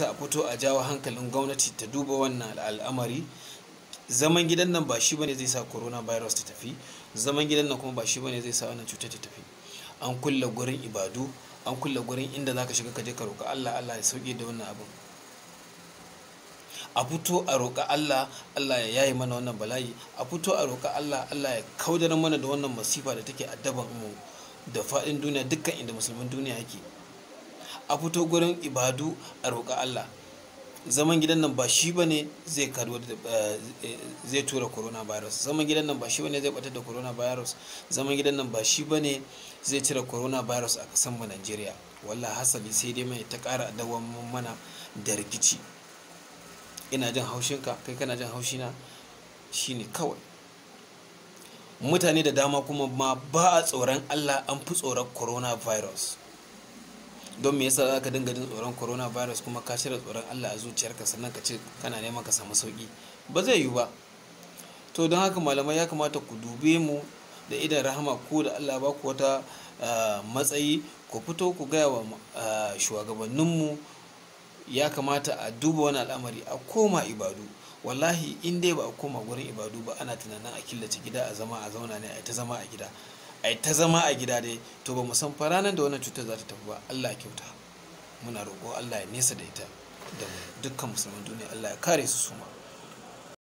kamata a fito a jawo hankalin gwamnati ta duba wannan al'amari zaman gidan nan ba shi bane zai sa coronavirus ta tafi zaman gidan nan kuma ba shi bane zai sa wannan cutar ta tafi an kulle gurin ibadu an kulle gurin inda zaka shiga ka je ka roƙa Allah Allah ya sauke da wannan abin a fito a roƙa Allah Allah ya yayi mana wannan bala'i a fito a roƙa Allah Allah ya kaudar mana da wannan masifa da take addaban mu da fadin duniya dukkan inda musulmin duniya yake a fito gurin ibadu a roƙa Allah zaman gidan nan ba shi ba ne zai karuwa eh, zai tura coronavirus zaman gidan nan ba shi ba ne zai batar da coronavirus zaman gidan nan ba shi ba ne zai cire coronavirus a kasan mu Najeriya wallahi hasali sai dai mai ta ƙara dawan mana da rikici ina jin haushinka kai kana jin haushina shine kawai mutane da dama kuma ma ba a tsoron Allah an fi tsoron coronavirus don me yasa zaka dinga jin tsoron corona virus kuma ka shirya tsoron Allah a zuciyarka sannan ka ce kana neman ka samu sauki ba zai yiwu ba to don haka malamai ya kamata ku dube mu da idan rahama ko da Allah ba ku wata ah, matsayi ku fito ku gaya wa ah, mu ya kamata a duba wani al'amari a koma ibadu wallahi in dai ba a koma gurin ibadu ba ana tunanin a killace gida a zama a zauna ne a ta zama a gida ai ta zama a gida dai to ba san fa ranar da wannan cutar za ta tafi ba Allah ya kyauta muna roƙo Allah ya nesa da ita da dukkan musulman duniya Allah ya kare su suma